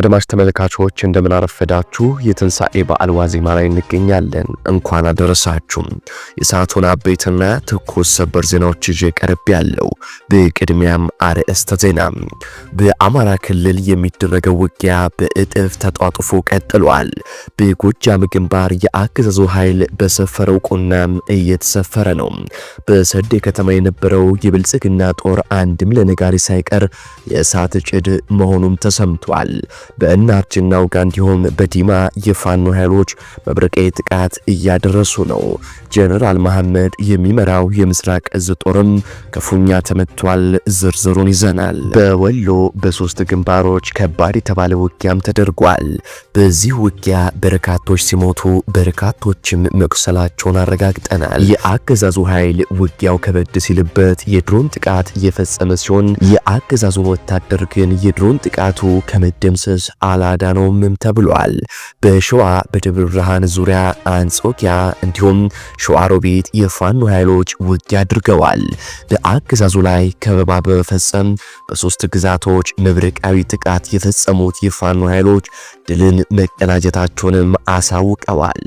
አድማጭ ተመልካቾች እንደምን አረፈዳችሁ። የትንሣኤ በዓል ዋዜማ ላይ እንገኛለን። እንኳን አደረሳችሁ። የሰዓቱን አበይትና ትኩስ ሰበር ዜናዎች ይዤ ቀርብ ያለው። በቅድሚያም አርዕስተ ዜና። በአማራ ክልል የሚደረገው ውጊያ በእጥፍ ተጧጥፎ ቀጥሏል። በጎጃም ግንባር የአገዛዙ ኃይል በሰፈረው ቁናም እየተሰፈረ ነው። በሰዴ ከተማ የነበረው የብልጽግና ጦር አንድም ለነጋሪ ሳይቀር የእሳት ጭድ መሆኑም ተሰምቷል። በእናርጅና ውጋንዲሆም በዲማ የፋኖ ኃይሎች መብረቃዊ ጥቃት እያደረሱ ነው። ጀነራል መሐመድ የሚመራው የምስራቅ እዝ ጦርም ክፉኛ ተመቷል። ዝርዝሩን ይዘናል። በወሎ በሶስት ግንባሮች ከባድ የተባለ ውጊያም ተደርጓል። በዚህ ውጊያ በርካቶች ሲሞቱ በርካቶችም መቁሰላቸውን አረጋግጠናል። የአገዛዙ ኃይል ውጊያው ከበድ ሲልበት የድሮን ጥቃት እየፈጸመ ሲሆን የአገዛዙን ወታደር ግን የድሮን ጥቃቱ ከመደምሰስ መያዝ አላዳነውምም ተብሏል። በሸዋ በደብረ ብርሃን ዙሪያ አንጾኪያ፣ እንዲሁም ሸዋሮቢት የፋኖ ኃይሎች ውጊያ አድርገዋል። በአገዛዙ ላይ ከበባ በመፈጸም በሶስት ግዛቶች መብረቃዊ ጥቃት የፈጸሙት የፋኖ ኃይሎች ድልን መቀናጀታቸውንም አሳውቀዋል።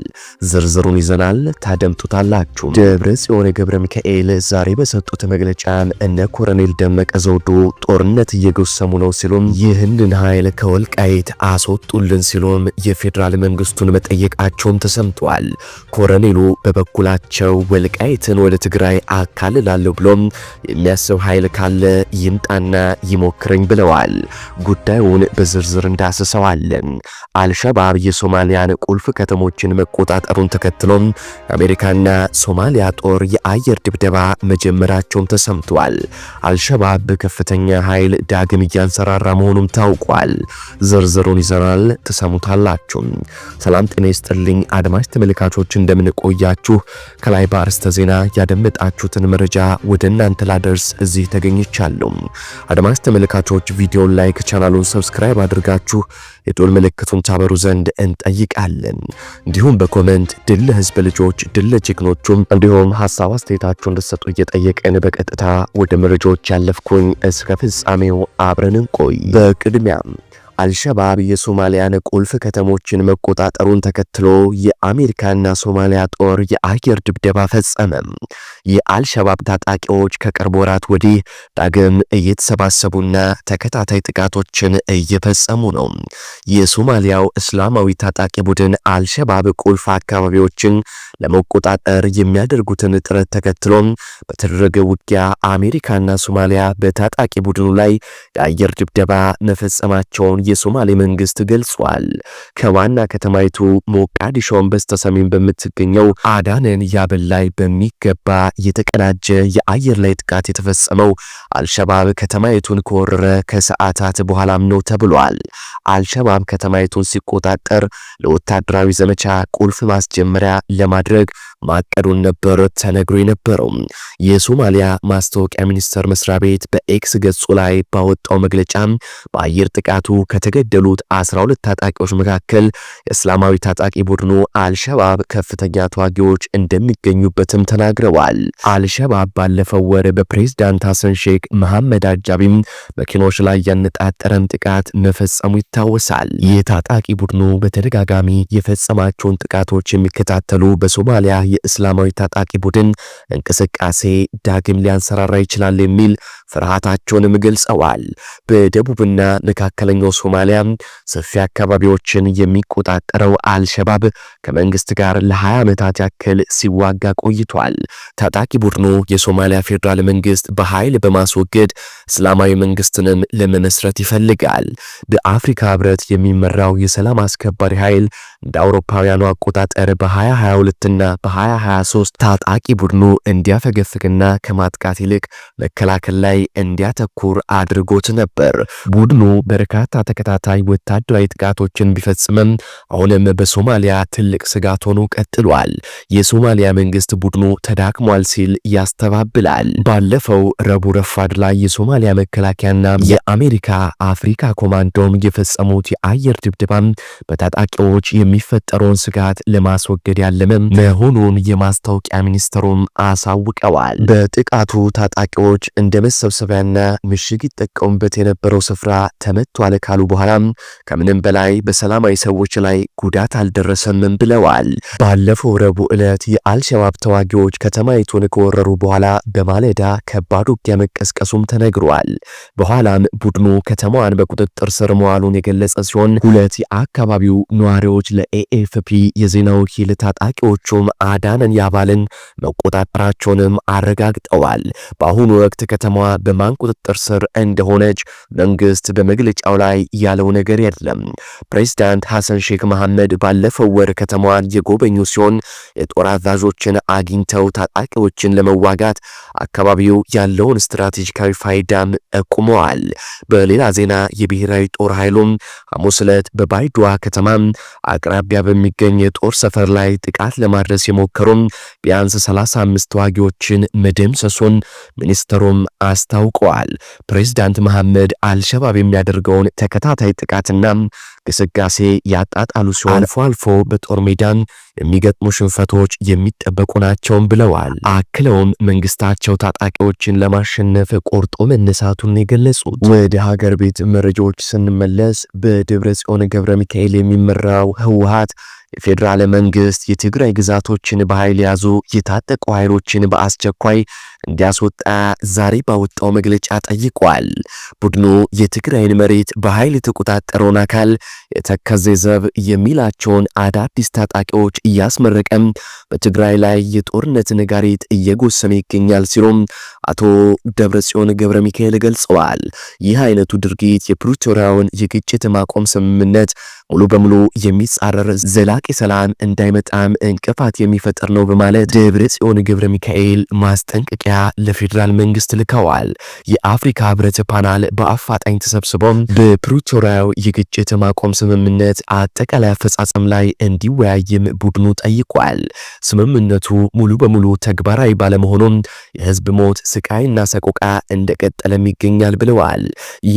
ዝርዝሩን ይዘናል ታደምጡታላችሁ። ደብረ ጽዮን ገብረ ሚካኤል ዛሬ በሰጡት መግለጫ እነ ኮረኔል ደመቀ ዘውዱ ጦርነት እየገሰሙ ነው ሲሉም ይህንን ኃይል ከወልቃ አይት አስወጡልን ሲሉም የፌዴራል መንግስቱን መጠየቃቸውም ተሰምተዋል። ኮረኔሉ በበኩላቸው ወልቃይትን ወደ ትግራይ አካልላለሁ ብሎም የሚያስብ ኃይል ካለ ይምጣና ይሞክረኝ ብለዋል። ጉዳዩን በዝርዝር እንዳስሰዋለን። አልሸባብ የሶማሊያን ቁልፍ ከተሞችን መቆጣጠሩን ተከትሎም የአሜሪካና ሶማሊያ ጦር የአየር ድብደባ መጀመራቸውም ተሰምተዋል። አልሸባብ በከፍተኛ ኃይል ዳግም እያንሰራራ መሆኑም ታውቋል። ዝርዝሩን ይዘናል፣ ትሰሙታላችሁ። ሰላም ጤና ይስጥልኝ አድማጭ ተመልካቾች፣ እንደምንቆያችሁ ከላይ በአርዕስተ ዜና ያደመጣችሁትን መረጃ ወደ እናንተ ላደርስ እዚህ ተገኝቻለሁ። አድማጭ ተመልካቾች ቪዲዮን ላይክ፣ ቻናሉን ሰብስክራይብ አድርጋችሁ የጦል ምልክቱን ታበሩ ዘንድ እንጠይቃለን። እንዲሁም በኮመንት ድል ለህዝብ ልጆች፣ ድል ለጀግኖቹም እንዲሁም ሀሳብ አስተያየታችሁ እንድትሰጡ እየጠየቀን በቀጥታ ወደ መረጃዎች ያለፍኩኝ እስከ ፍጻሜው አብረን እንቆይ። በቅድሚያም አልሸባብ የሶማሊያን ቁልፍ ከተሞችን መቆጣጠሩን ተከትሎ የአሜሪካና ሶማሊያ ጦር የአየር ድብደባ ፈጸመ። የአልሸባብ ታጣቂዎች ከቅርብ ወራት ወዲህ ዳግም እየተሰባሰቡና ተከታታይ ጥቃቶችን እየፈጸሙ ነው። የሶማሊያው እስላማዊ ታጣቂ ቡድን አልሸባብ ቁልፍ አካባቢዎችን ለመቆጣጠር የሚያደርጉትን ጥረት ተከትሎ በተደረገ ውጊያ አሜሪካና ሶማሊያ በታጣቂ ቡድኑ ላይ የአየር ድብደባ መፈጸማቸውን የሶማሌ መንግስት ገልጿል። ከዋና ከተማይቱ ሞቃዲሾን በስተሰሜን በምትገኘው አዳንን ያበል ላይ በሚገባ የተቀናጀ የአየር ላይ ጥቃት የተፈጸመው አልሸባብ ከተማይቱን ከወረረ ከሰዓታት በኋላም ነው ተብሏል። አልሸባብ ከተማይቱን ሲቆጣጠር ለወታደራዊ ዘመቻ ቁልፍ ማስጀመሪያ ለማድረግ ማቀዱን ነበር ተነግሮ የነበረው። የሶማሊያ ማስታወቂያ ሚኒስቴር መስሪያ ቤት በኤክስ ገጹ ላይ ባወጣው መግለጫ በአየር ጥቃቱ ከተገደሉት 12 ታጣቂዎች መካከል የእስላማዊ ታጣቂ ቡድኑ አልሸባብ ከፍተኛ ተዋጊዎች እንደሚገኙበትም ተናግረዋል። አልሸባብ ባለፈው ወር በፕሬዝዳንት ሐሰን ሼክ መሐመድ አጃቢም መኪኖች ላይ ያነጣጠረን ጥቃት መፈጸሙ ይታወሳል። ይህ ታጣቂ ቡድኑ በተደጋጋሚ የፈጸማቸውን ጥቃቶች የሚከታተሉ በሶማሊያ የእስላማዊ ታጣቂ ቡድን እንቅስቃሴ ዳግም ሊያንሰራራ ይችላል የሚል ፍርሃታቸውንም ገልጸዋል። በደቡብና መካከለኛው ሶማሊያ ሰፊ አካባቢዎችን የሚቆጣጠረው አልሸባብ ከመንግስት ጋር ለ20 ዓመታት ያክል ሲዋጋ ቆይቷል። ታጣቂ ቡድኑ የሶማሊያ ፌዴራል መንግስት በኃይል በማስወገድ እስላማዊ መንግስትንም ለመመስረት ይፈልጋል። በአፍሪካ ህብረት የሚመራው የሰላም አስከባሪ ኃይል እንደ አውሮፓውያኑ አቆጣጠር በ2022 እና በ2023 ታጣቂ ቡድኑ እንዲያፈገፍግና ከማጥቃት ይልቅ መከላከል ላይ እንዲያተኩር አድርጎት ነበር። ቡድኑ በርካታ ተከታታይ ወታደራዊ ጥቃቶችን ቢፈጽምም አሁንም በሶማሊያ ትልቅ ስጋት ሆኖ ቀጥሏል። የሶማሊያ መንግስት ቡድኑ ተዳክሟል ሲል ያስተባብላል። ባለፈው ረቡዕ ረፋድ ላይ የሶማሊያ መከላከያና የአሜሪካ አፍሪካ ኮማንዶም የፈጸሙት የአየር ድብድባ በታጣቂዎች የሚፈጠረውን ስጋት ለማስወገድ ያለመ መሆኑን የማስታወቂያ ሚኒስትሩም አሳውቀዋል። በጥቃቱ ታጣቂዎች እንደ መሰብሰቢያና ምሽግ ይጠቀሙበት የነበረው ስፍራ ተመቷል ካሉ በኋላ ከምንም በላይ በሰላማዊ ሰዎች ላይ ጉዳት አልደረሰምም ብለዋል። ባለፈው ረቡዕ ዕለት የአልሸባብ ተዋጊዎች ከተማይቱን ከወረሩ በኋላ በማለዳ ከባድ ውጊያ መቀስቀሱም ተነግሯል። በኋላም ቡድኑ ከተማዋን በቁጥጥር ስር መዋሉን የገለጸ ሲሆን ሁለት የአካባቢው ነዋሪዎች ለኤኤፍፒ የዜና ወኪል ታጣቂዎቹም አዳነን ያባልን መቆጣጠራቸውንም አረጋግጠዋል። በአሁኑ ወቅት ከተማዋ በማን ቁጥጥር ስር እንደሆነች መንግስት በመግለጫው ላይ ያለው ነገር የለም። ፕሬዚዳንት ሐሰን ሼክ መሐመድ ባለፈው ወር ከተማዋን የጎበኙ ሲሆን የጦር አዛዦችን አግኝተው ታጣቂዎችን ለመዋጋት አካባቢው ያለውን ስትራቴጂካዊ ፋይዳም ጠቁመዋል። በሌላ ዜና የብሔራዊ ጦር ኃይሉም ሐሙስ ዕለት በባይድዋ ከተማም አቅራቢያ በሚገኝ የጦር ሰፈር ላይ ጥቃት ለማድረስ የሞከሩም ቢያንስ 35 ተዋጊዎችን መደምሰሱን ሚኒስትሩም አስታውቀዋል። ፕሬዚዳንት መሐመድ አልሸባብ የሚያደርገውን ተከታ ተከታታይ ጥቃትና ግስጋሴ ያጣጣሉ ሲሆን አልፎ አልፎ በጦር ሜዳን የሚገጥሙ ሽንፈቶች የሚጠበቁ ናቸውም ብለዋል። አክለውም መንግስታቸው ታጣቂዎችን ለማሸነፍ ቆርጦ መነሳቱን የገለጹት። ወደ ሀገር ቤት መረጃዎች ስንመለስ በደብረ ጽዮን ገብረ ሚካኤል የሚመራው ህወሀት የፌዴራል መንግስት የትግራይ ግዛቶችን በኃይል የያዙ የታጠቁ ኃይሎችን በአስቸኳይ እንዲያስወጣ ዛሬ ባወጣው መግለጫ ጠይቋል። ቡድኑ የትግራይን መሬት በኃይል የተቆጣጠረውን አካል የተከዜ ዘብ የሚላቸውን አዳዲስ ታጣቂዎች እያስመረቀም በትግራይ ላይ የጦርነት ነጋሪት እየጎሰመ ይገኛል ሲሉም አቶ ደብረጽዮን ገብረ ሚካኤል ገልጸዋል። ይህ አይነቱ ድርጊት የፕሪቶሪያውን የግጭት ማቆም ስምምነት ሙሉ በሙሉ የሚጻረር ዘላ ዘላቂ ሰላም እንዳይመጣም እንቅፋት የሚፈጥር ነው በማለት ደብረ ጽዮን ገብረ ሚካኤል ማስጠንቀቂያ ለፌዴራል መንግስት ልከዋል። የአፍሪካ ህብረት ፓናል በአፋጣኝ ተሰብስቦም በፕሪቶሪያው የግጭት ማቆም ስምምነት አጠቃላይ አፈጻጸም ላይ እንዲወያይም ቡድኑ ጠይቋል። ስምምነቱ ሙሉ በሙሉ ተግባራዊ ባለመሆኑም የህዝብ ሞት ስቃይና ሰቆቃ እንደቀጠለም ይገኛል ብለዋል።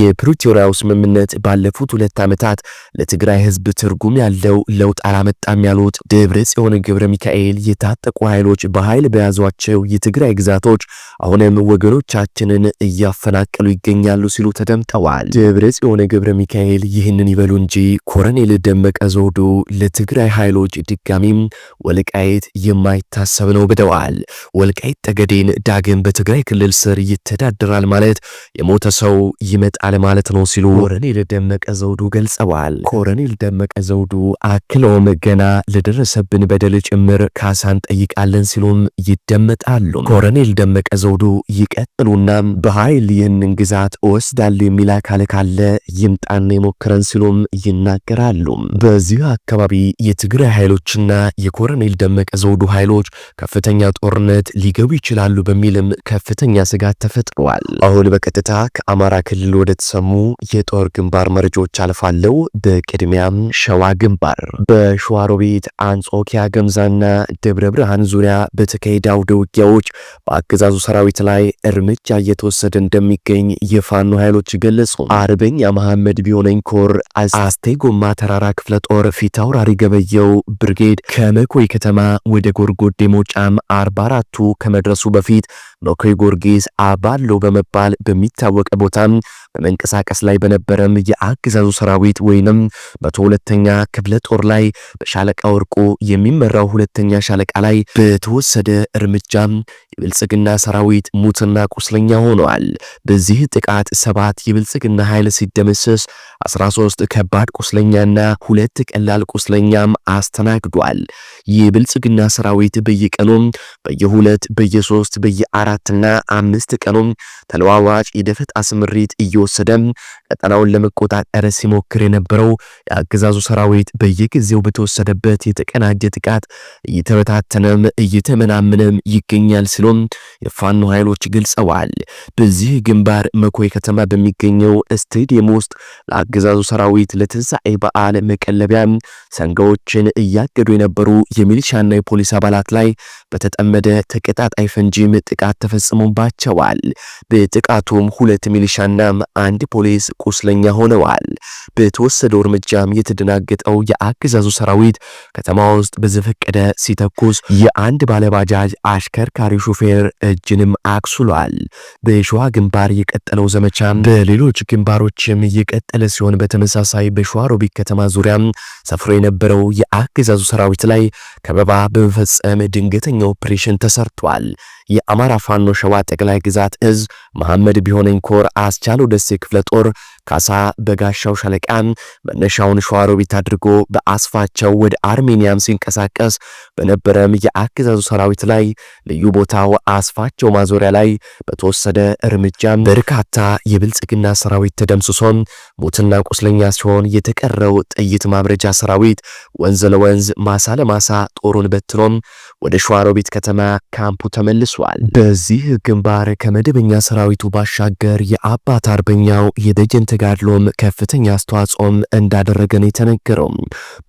የፕሪቶሪያው ስምምነት ባለፉት ሁለት ዓመታት ለትግራይ ህዝብ ትርጉም ያለው ለውጥ አላመ አልመጣም ያሉት ደብረ ጽዮን ገብረ ሚካኤል የታጠቁ ኃይሎች በኃይል በያዟቸው የትግራይ ግዛቶች አሁንም ወገኖቻችንን እያፈናቀሉ ይገኛሉ ሲሉ ተደምጠዋል። ደብረ ጽዮን ገብረ ሚካኤል ይህንን ይበሉ እንጂ ኮረኔል ደመቀ ዘውዱ ለትግራይ ኃይሎች ድጋሚም ወልቃይት የማይታሰብ ነው ብለዋል። ወልቃይት ጠገዴን ዳግም በትግራይ ክልል ስር ይተዳደራል ማለት የሞተ ሰው ይመጣል ማለት ነው ሲሉ ኮረኔል ደመቀ ዘውዱ ገልጸዋል። ኮረኔል ደመቀ ዘውዱ አክለውም ገና ለደረሰብን በደል ጭምር ካሳ እንጠይቃለን ሲሉም ይደመጣሉ። ኮረኔል ደመቀ ዘውዱ ይቀጥሉና በኃይል ይህንን ግዛት እወስዳለሁ የሚል አካል ካለ ይምጣና የሞክረን ሲሉም ይናገራሉ። በዚህ አካባቢ የትግራይ ኃይሎችና የኮረኔል ደመቀ ዘውዱ ኃይሎች ከፍተኛ ጦርነት ሊገቡ ይችላሉ በሚልም ከፍተኛ ስጋት ተፈጥሯል። አሁን በቀጥታ ከአማራ ክልል ወደ ተሰሙ የጦር ግንባር መረጃዎች አልፋለው። በቅድሚያም ሸዋ ግንባር በ ሸዋሮቢት፣ አንጾኪያ፣ ገምዛና ደብረ ብርሃን ዙሪያ በተካሄደ አውደ ውጊያዎች በአገዛዙ ሰራዊት ላይ እርምጃ እየተወሰደ እንደሚገኝ የፋኖ ኃይሎች ገለጹ። አርበኛ መሐመድ ቢሆነኝ ኮር አስቴ ጎማ ተራራ ክፍለ ጦር ፊት አውራሪ ገበየው ብርጌድ ከመኮይ ከተማ ወደ ጎርጎዴ ሞጫም አርባ አራቱ ከመድረሱ በፊት መኮይ ጎርጊስ አባሎ በመባል በሚታወቀ ቦታም በመንቀሳቀስ ላይ በነበረም የአገዛዙ ሰራዊት ወይንም መቶ ሁለተኛ ክፍለ ጦር ላይ በሻለቃ ወርቁ የሚመራው ሁለተኛ ሻለቃ ላይ በተወሰደ እርምጃም የብልጽግና ሰራዊት ሙትና ቁስለኛ ሆነዋል። በዚህ ጥቃት ሰባት የብልጽግና ኃይል ሲደመሰስ 13 ከባድ ቁስለኛና ሁለት ቀላል ቁስለኛም አስተናግዷል። የብልጽግና ሰራዊት በየቀኑም በየሁለት በየሶስት በየአራትና አምስት ቀኑም ተለዋዋጭ የደፈጣ ስምሪት እየወ እየወሰደም ቀጠናውን ለመቆጣጠር ሲሞክር የነበረው የአገዛዙ ሰራዊት በየጊዜው በተወሰደበት የተቀናጀ ጥቃት እየተበታተነም እየተመናምነም ይገኛል ሲሉም የፋኖ ኃይሎች ገልጸዋል። በዚህ ግንባር መኮይ ከተማ በሚገኘው ስቴዲየም ውስጥ ለአገዛዙ ሰራዊት ለትንሣኤ በዓል መቀለቢያ ሰንጋዎችን እያገዱ የነበሩ የሚሊሻና የፖሊስ አባላት ላይ በተጠመደ ተቀጣጣይ ፈንጂም ጥቃት ተፈጽሞባቸዋል። በጥቃቱም ሁለት ሚሊሻና አንድ ፖሊስ ቁስለኛ ሆነዋል። በተወሰደው እርምጃም የተደናገጠው የአገዛዙ ሰራዊት ከተማ ውስጥ በዘፈቀደ ሲተኩስ የአንድ ባለባጃጅ አሽከርካሪ ሹፌር እጅንም አክሱሏል። በሸዋ ግንባር የቀጠለው ዘመቻም በሌሎች ግንባሮችም የቀጠለ ሲሆን በተመሳሳይ በሸዋ ሮቢት ከተማ ዙሪያም ሰፍሮ የነበረው የአገዛዙ ሰራዊት ላይ ከበባ በመፈጸም ድንገተኛ ኦፕሬሽን ተሰርቷል። የአማራ ፋኖ ሸዋ ጠቅላይ ግዛት እዝ መሐመድ ቢሆነኝ ኮር አስቻለው ደሴ ክፍለ ጦር ካሳ በጋሻው ሻለቃም መነሻውን ሸዋሮቢት አድርጎ በአስፋቸው ወደ አርሜኒያም ሲንቀሳቀስ በነበረም የአገዛዙ ሰራዊት ላይ ልዩ ቦታው አስፋቸው ማዞሪያ ላይ በተወሰደ እርምጃም በርካታ የብልጽግና ሰራዊት ተደምስሶም ሞትና ቁስለኛ ሲሆን የተቀረው ጥይት ማምረጃ ሰራዊት ወንዝ ለወንዝ ማሳ ለማሳ ጦሩን በትኖም ወደ ሸዋሮቢት ከተማ ካምፑ ተመልሷል። በዚህ ግንባር ከመደበኛ ሰራዊቱ ባሻገር የአባት አርበኛው የደጀንተ ተጋድሎም ከፍተኛ አስተዋጽኦም እንዳደረገን የተነገረው።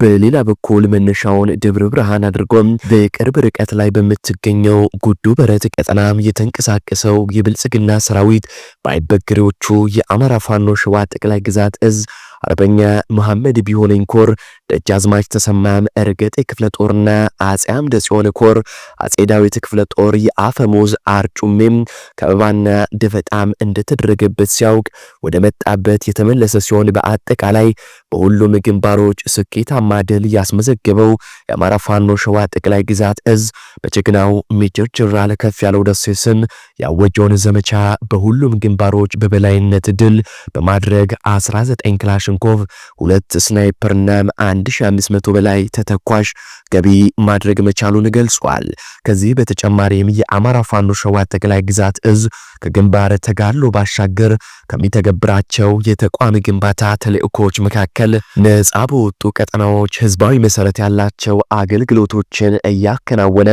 በሌላ በኩል መነሻውን ደብረ ብርሃን አድርጎ በቅርብ ርቀት ላይ በምትገኘው ጉዱ በረት ቀጠና የተንቀሳቀሰው የብልጽግና ሰራዊት በአይበገሬዎቹ የአማራ ፋኖ ሸዋ ጠቅላይ ግዛት እዝ አርበኛ መሐመድ ቢሆነኝ ኮር፣ ደጃዝማች ተሰማም እርገጤ ክፍለ ጦርና አጼ አምደ ጽዮን ኮር፣ አጼ ዳዊት ክፍለ ጦር የአፈሙዝ አርጩሜም ከበባና ድፈጣም እንደተደረገበት ሲያውቅ ወደ መጣበት የተመለሰ ሲሆን በአጠቃላይ በሁሉም ግንባሮች ስኬታማ ድል ያስመዘገበው የአማራ ፋኖ ሸዋ ጠቅላይ ግዛት እዝ በጀግናው ሜጀር ጀነራል ያለው ደሴ ስም ያወጀውን ዘመቻ በሁሉም ግንባሮች በበላይነት ድል በማድረግ 19 ክላሽንኮቭ፣ ሁለት ስናይፐርና 1500 በላይ ተተኳሽ ገቢ ማድረግ መቻሉን ገልጿል። ከዚህ በተጨማሪም የአማራ ፋኖ ሸዋ ጠቅላይ ግዛት እዝ ከግንባር ተጋድሎ ባሻገር ከሚተገብራቸው የተቋም ግንባታ ተልእኮች መካከል መካከል ነጻ በወጡ ቀጠናዎች ህዝባዊ መሰረት ያላቸው አገልግሎቶችን እያከናወነ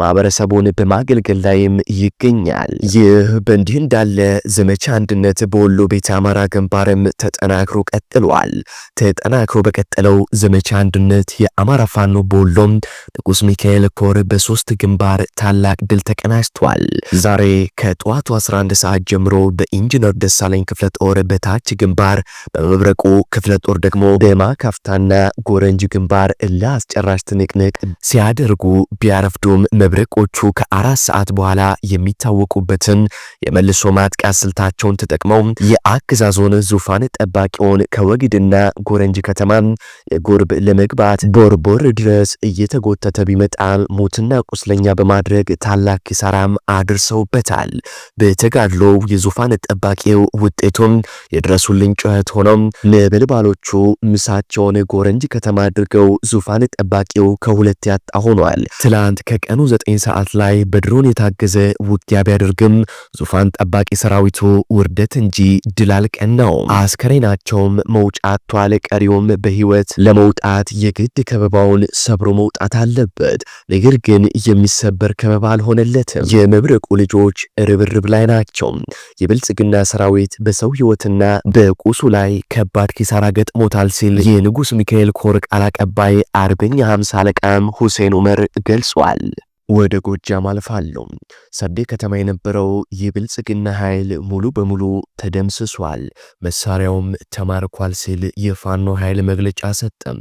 ማህበረሰቡን በማገልገል ላይም ይገኛል። ይህ በእንዲህ እንዳለ ዘመቻ አንድነት በወሎ ቤተ አማራ ግንባርም ተጠናክሮ ቀጥሏል። ተጠናክሮ በቀጠለው ዘመቻ አንድነት የአማራ ፋኖ በወሎም ንጉስ ሚካኤል ኮር በሶስት ግንባር ታላቅ ድል ተቀናጅቷል። ዛሬ ከጠዋቱ 11 ሰዓት ጀምሮ በኢንጂነር ደሳለኝ ክፍለ ጦር በታች ግንባር በመብረቁ ክፍለ ጦር ደግሞ ደማ ካፍታና ጎረንጅ ግንባር ለአስጨራሽ ትንቅንቅ ሲያደርጉ ቢያረፍዱም መብረቆቹ ከአራት ሰዓት በኋላ የሚታወቁበትን የመልሶ ማጥቃት ስልታቸውን ተጠቅመው የአገዛዞን ዙፋን ጠባቂውን ከወግድና ጎረንጅ ከተማ የጎርብ ለመግባት ቦርቦር ድረስ እየተጎተተ ቢመጣም ሞትና ቁስለኛ በማድረግ ታላቅ ኪሳራም አድርሰውበታል። በተጋድሎው የዙፋን ጠባቂው ውጤቱም የድረሱልኝ ጩኸት ሆኖም ነበልባሎቹ ምሳቸውን ጎረንጅ ከተማ አድርገው ዙፋን ጠባቂው ከሁለት ያጣ ሆኗል። ትላንት ከቀኑ ዘጠኝ ሰዓት ላይ በድሮን የታገዘ ውጊያ ቢያደርግም ዙፋን ጠባቂ ሰራዊቱ ውርደት እንጂ ድል አልቀናውም። አስከሬናቸውም መውጫ አጥቷል። ቀሪውም በህይወት ለመውጣት የግድ ከበባውን ሰብሮ መውጣት አለበት። ነገር ግን የሚሰበር ከበባ አልሆነለትም። የመብረቁ ልጆች ርብርብ ላይ ናቸው። የብልጽግና ሰራዊት በሰው ህይወትና በቁሱ ላይ ከባድ ኪሳራ ገጥሞ አድርጎታል ሲል የንጉስ ሚካኤል ኮር ቃል አቀባይ አርበኛ ሃምሳ አለቃም ሁሴን ዑመር ገልጿል። ወደ ጎጃም አልፋለሁ። ሰዴ ከተማ የነበረው የብልጽግና ኃይል ሙሉ በሙሉ ተደምስሷል፣ መሳሪያውም ተማርኳል ሲል የፋኖ ኃይል መግለጫ ሰጠም።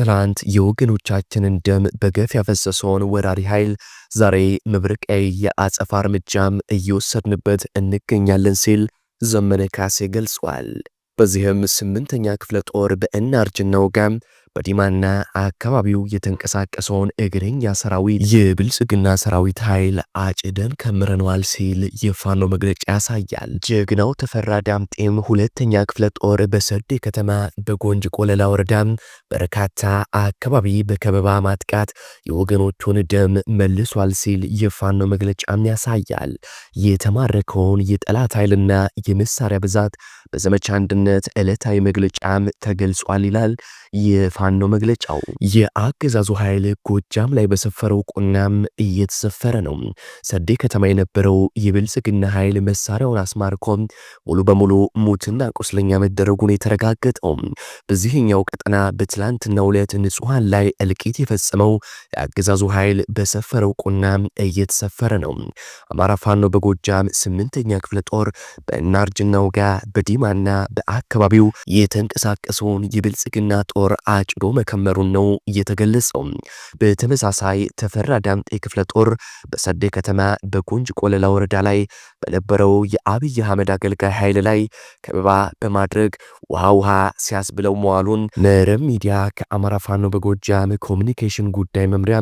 ትናንት የወገኖቻችንን ደም በገፍ ያፈሰሰውን ወራሪ ኃይል ዛሬ መብረቃዊ የአጸፋ እርምጃም እየወሰድንበት እንገኛለን ሲል ዘመነ ካሴ ገልጿል። በዚህም ስምንተኛ ክፍለ ጦር በእናርጅ እናውጋ በዲማና አካባቢው የተንቀሳቀሰውን እግረኛ ሰራዊት የብልጽግና ሰራዊት ኃይል አጭደን ከምረነዋል ሲል የፋኖ መግለጫ ያሳያል። ጀግናው ተፈራ ዳምጤም ሁለተኛ ክፍለ ጦር በሰዴ ከተማ በጎንጅ ቆለላ ወረዳ በርካታ አካባቢ በከበባ ማጥቃት የወገኖቹን ደም መልሷል ሲል የፋኖ መግለጫም ያሳያል። የተማረከውን የጠላት ኃይልና የመሳሪያ ብዛት በዘመቻ አንድነት ዕለታዊ መግለጫም ተገልጿል ይላል። ፋኖ መግለጫው። የአገዛዙ ኃይል ጎጃም ላይ በሰፈረው ቁናም እየተሰፈረ ነው። ሰዴ ከተማ የነበረው የብልጽግና ኃይል መሳሪያውን አስማርኮ ሙሉ በሙሉ ሙትና ቁስለኛ መደረጉን የተረጋገጠው በዚህኛው ቀጠና በትላንትናው ዕለት ንጹሐን ላይ እልቂት የፈጸመው የአገዛዙ ኃይል በሰፈረው ቁናም እየተሰፈረ ነው። አማራ ፋኖ በጎጃም ስምንተኛ ክፍለ ጦር በእናርጅናው ጋር በዲማና በአካባቢው የተንቀሳቀሰውን የብልጽግና ጦር አ ጭዶ መከመሩን ነው እየተገለጸው። በተመሳሳይ ተፈራ ዳምጤ ክፍለ ጦር በሰዴ ከተማ በጎንጅ ቆለላ ወረዳ ላይ በነበረው የአብይ አህመድ አገልጋይ ኃይል ላይ ከበባ በማድረግ ውሃ ውሃ ሲያስብለው መዋሉን መረብ ሚዲያ ከአማራ ፋኖ በጎጃም ኮሚኒኬሽን ጉዳይ መምሪያ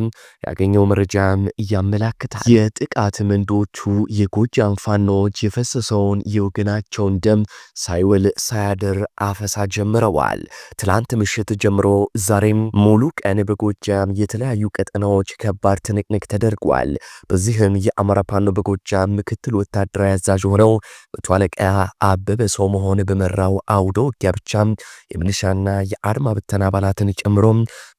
ያገኘው መረጃም እያመላክታል። የጥቃት ምንዶቹ የጎጃም ፋኖች የፈሰሰውን የወገናቸውን ደም ሳይውል ሳያድር አፈሳ ጀምረዋል። ትላንት ምሽት ጀምሮ ዛሬም ሙሉ ቀን በጎጃም የተለያዩ ቀጠናዎች ከባድ ትንቅንቅ ተደርጓል። በዚህም የአማራ ፋኖ በጎጃም ምክትል ወታደራዊ አዛዥ ሆነው መቶ አለቃ አበበ ሰው መሆን በመራው አውዶ ውጊያ ብቻም የምንሻና የአድማ ብተና አባላትን ጨምሮ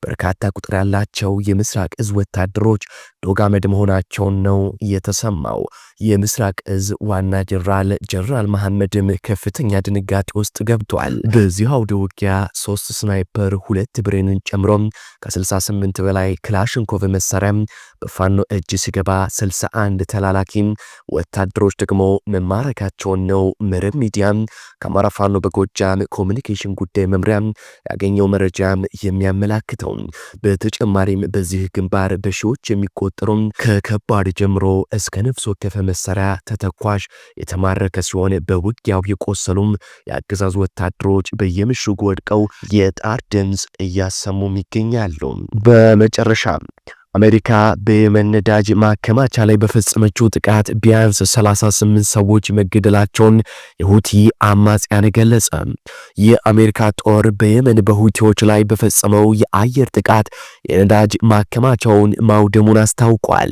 በርካታ ቁጥር ያላቸው የምስራቅ እዝ ወታደሮች ዶጋመድ መሆናቸውን ነው የተሰማው። የምስራቅ እዝ ዋና ጀነራል ጀነራል መሐመድም ከፍተኛ ድንጋጤ ውስጥ ገብቷል። በዚህ አውደ ውጊያ ሶስት ስናይፐር፣ ሁለት ሁለት ብሬንን ጨምሮ ከ68 በላይ ክላሽንኮቭ መሳሪያ በፋኖ እጅ ሲገባ 61 ተላላኪ ወታደሮች ደግሞ መማረካቸውን ነው ምርብ ሚዲያ ከአማራ ፋኖ በጎጃም ኮሚኒኬሽን ጉዳይ መምሪያ ያገኘው መረጃ የሚያመላክተው። በተጨማሪም በዚህ ግንባር በሺዎች የሚቆጠሩ ከከባድ ጀምሮ እስከ ነፍስ ወከፈ መሳሪያ ተተኳሽ የተማረከ ሲሆን በውጊያው የቆሰሉም የአገዛዙ ወታደሮች በየምሽጉ ወድቀው የጣር ድምፅ እያሰሙም ይገኛሉ። በመጨረሻ አሜሪካ በየመን ነዳጅ ማከማቻ ላይ በፈጸመችው ጥቃት ቢያንስ 38 ሰዎች መገደላቸውን የሁቲ አማጽያን ገለጸ። የአሜሪካ ጦር በየመን በሁቲዎች ላይ በፈጸመው የአየር ጥቃት የነዳጅ ማከማቻውን ማውደሙን አስታውቋል።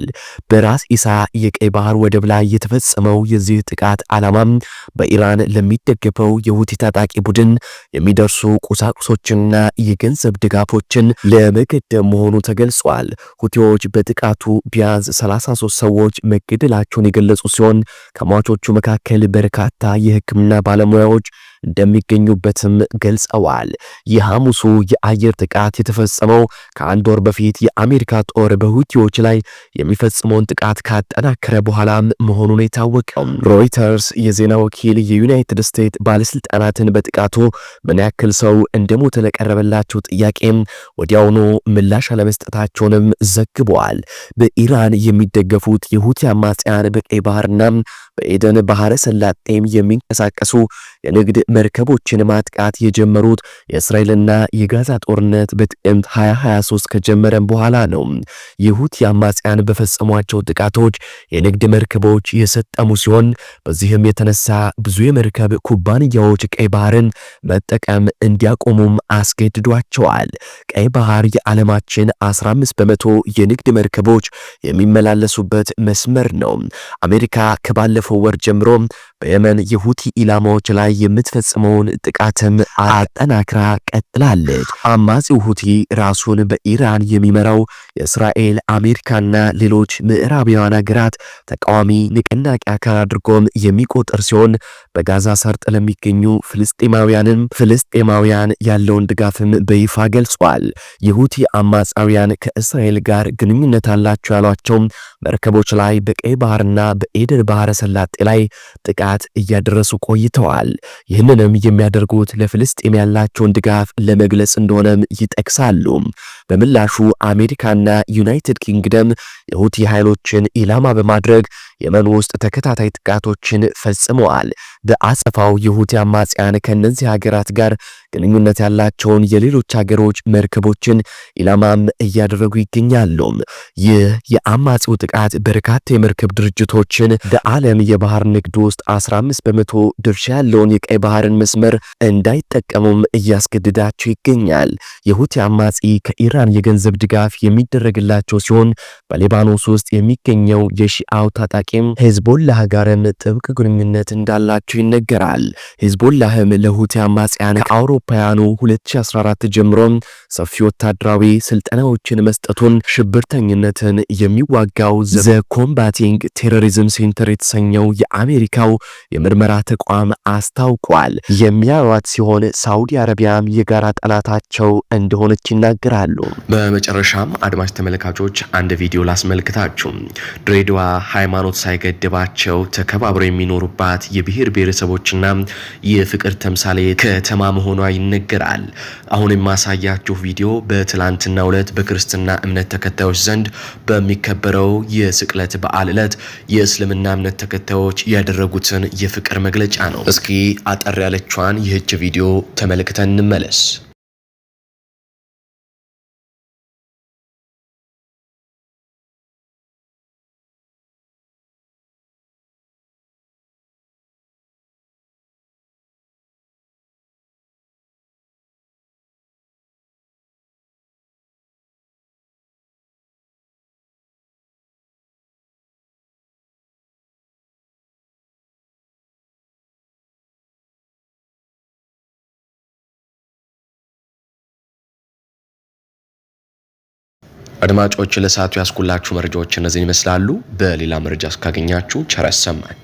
በራስ ኢሳ የቀይ ባህር ወደብ ላይ የተፈጸመው የዚህ ጥቃት ዓላማም በኢራን ለሚደገፈው የሁቲ ታጣቂ ቡድን የሚደርሱ ቁሳቁሶችንና የገንዘብ ድጋፎችን ለመገደብ መሆኑ ተገልጿል። ሁቲዎች በጥቃቱ ቢያንስ 33 ሰዎች መገደላቸውን የገለጹ ሲሆን ከሟቾቹ መካከል በርካታ የሕክምና ባለሙያዎች እንደሚገኙበትም ገልጸዋል። የሐሙሱ የአየር ጥቃት የተፈጸመው ከአንድ ወር በፊት የአሜሪካ ጦር በሁቲዎች ላይ የሚፈጽመውን ጥቃት ካጠናከረ በኋላ መሆኑን የታወቀው ሮይተርስ የዜና ወኪል የዩናይትድ ስቴትስ ባለስልጣናትን በጥቃቱ ምን ያክል ሰው እንደሞተ ለቀረበላቸው ጥያቄም ወዲያውኑ ምላሽ አለመስጠታቸውንም ዘግበዋል። በኢራን የሚደገፉት የሁቲ አማጽያን በቀይ ባህርና በኤደን ባህረ ሰላጤም የሚንቀሳቀሱ የንግድ መርከቦችን ማጥቃት የጀመሩት የእስራኤልና የጋዛ ጦርነት በጥቅምት 2023 ከጀመረም በኋላ ነው። የሁቲ አማጽያን በፈጸሟቸው ጥቃቶች የንግድ መርከቦች የሰጠሙ ሲሆን በዚህም የተነሳ ብዙ የመርከብ ኩባንያዎች ቀይ ባህርን መጠቀም እንዲያቆሙም አስገድዷቸዋል። ቀይ ባህር የዓለማችን 15 በመቶ የንግድ መርከቦች የሚመላለሱበት መስመር ነው። አሜሪካ ከባለፈው ወር ጀምሮ በየመን የሁቲ ኢላማዎች ላይ የምትፈጽመውን ጥቃትም አጠናክራ ቀጥላለች። አማጺው ሁቲ ራሱን በኢራን የሚመራው የእስራኤል አሜሪካና ሌሎች ምዕራባውያን ሀገራት ተቃዋሚ ንቅናቄ አካል አድርጎም የሚቆጠር ሲሆን በጋዛ ሰርጥ ለሚገኙ ፍልስጤማውያንም ፍልስጤማውያን ያለውን ድጋፍም በይፋ ገልጿል። የሁቲ አማጻውያን ከእስራኤል ጋር ግንኙነት አላቸው ያሏቸው መርከቦች ላይ በቀይ ባህርና በኤደን ባህረ ሰላጤ ላይ ጥቃት ጥቃት እያደረሱ ቆይተዋል። ይህንንም የሚያደርጉት ለፍልስጤም ያላቸውን ድጋፍ ለመግለጽ እንደሆነም ይጠቅሳሉ። በምላሹ አሜሪካና ዩናይትድ ኪንግደም የሁቲ ኃይሎችን ኢላማ በማድረግ የመን ውስጥ ተከታታይ ጥቃቶችን ፈጽመዋል። በአጸፋው የሁቲ አማጽያን ከነዚህ ሀገራት ጋር ግንኙነት ያላቸውን የሌሎች ሀገሮች መርከቦችን ኢላማም እያደረጉ ይገኛሉ። ይህ የአማጺው ጥቃት በርካታ የመርከብ ድርጅቶችን በዓለም የባህር ንግድ ውስጥ 15 በመቶ ድርሻ ያለውን የቀይ ባህርን መስመር እንዳይጠቀሙም እያስገድዳቸው ይገኛል። የሁቲ አማጺ ከኢራን የገንዘብ ድጋፍ የሚደረግላቸው ሲሆን በሊባኖስ ውስጥ የሚገኘው የሺአው ታጣቂ ታጣቂም ሄዝቦላህ ጋርም ጥብቅ ግንኙነት እንዳላቸው ይነገራል። ሄዝቦላህም ለሁቲ አማጽያን ከአውሮፓውያኑ 2014 ጀምሮ ሰፊ ወታደራዊ ስልጠናዎችን መስጠቱን ሽብርተኝነትን የሚዋጋው ዘ ኮምባቲንግ ቴሮሪዝም ሴንተር የተሰኘው የአሜሪካው የምርመራ ተቋም አስታውቋል። የሚያዩት ሲሆን ሳውዲ አረቢያም የጋራ ጠላታቸው እንደሆነች ይናገራሉ። በመጨረሻም አድማጭ ተመልካቾች አንድ ቪዲዮ ላስመልክታችሁ ድሬዳዋ ሃይማኖት ሳይገድባቸው ተከባብረው የሚኖሩባት የብሔር ብሔረሰቦችና የፍቅር ተምሳሌ ከተማ መሆኗ ይነገራል። አሁን የማሳያችሁ ቪዲዮ በትላንትናው ዕለት በክርስትና እምነት ተከታዮች ዘንድ በሚከበረው የስቅለት በዓል ዕለት የእስልምና እምነት ተከታዮች ያደረጉትን የፍቅር መግለጫ ነው። እስኪ አጠር ያለችዋን ይህች ቪዲዮ ተመልክተን እንመለስ። አድማጮች ለሰዓቱ ያስኩላችሁ መረጃዎች እነዚህን ይመስላሉ። በሌላ መረጃ እስካገኛችሁ ቸር ያሰማን።